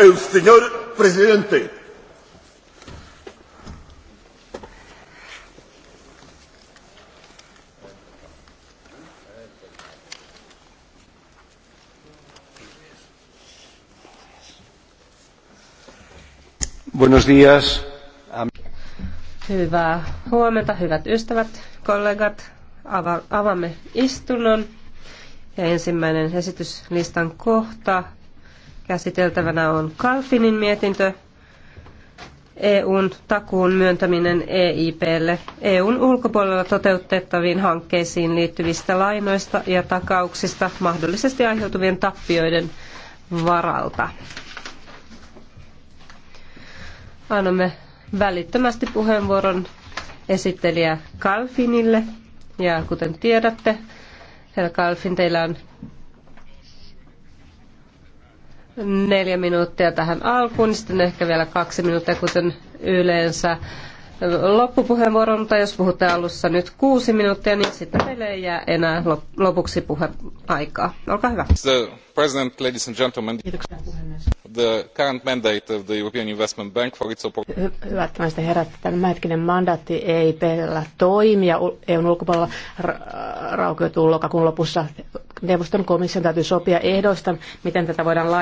el señor presidente. Buenos días. Hyvää huomenta, hyvät ystävät, kollegat. avaamme istunnon. Ja ensimmäinen esityslistan kohta Käsiteltävänä on Kalfinin mietintö EUn takuun myöntäminen EIPlle EUn ulkopuolella toteutettaviin hankkeisiin liittyvistä lainoista ja takauksista mahdollisesti aiheutuvien tappioiden varalta. Annamme välittömästi puheenvuoron esittelijä Kalfinille ja kuten tiedätte, herra Kalfin, teillä on neljä minuuttia tähän alkuun, niin sitten ehkä vielä kaksi minuuttia, kuten yleensä loppupuheenvuoro, mutta jos puhutte alussa nyt kuusi minuuttia, niin sitten teille ei jää enää lopuksi puheaikaa. Olkaa hyvä. The President, ladies and gentlemen, Kiitoksia, the current mandate of the European Investment Bank for its Hy- Hyvät naiset herrat, tämänhetkinen mandaatti ei pelä toimia. EUn ulkopuolella raukeutuu lokakuun lopussa. Neuvoston komission täytyy sopia ehdoista, miten tätä voidaan laajentaa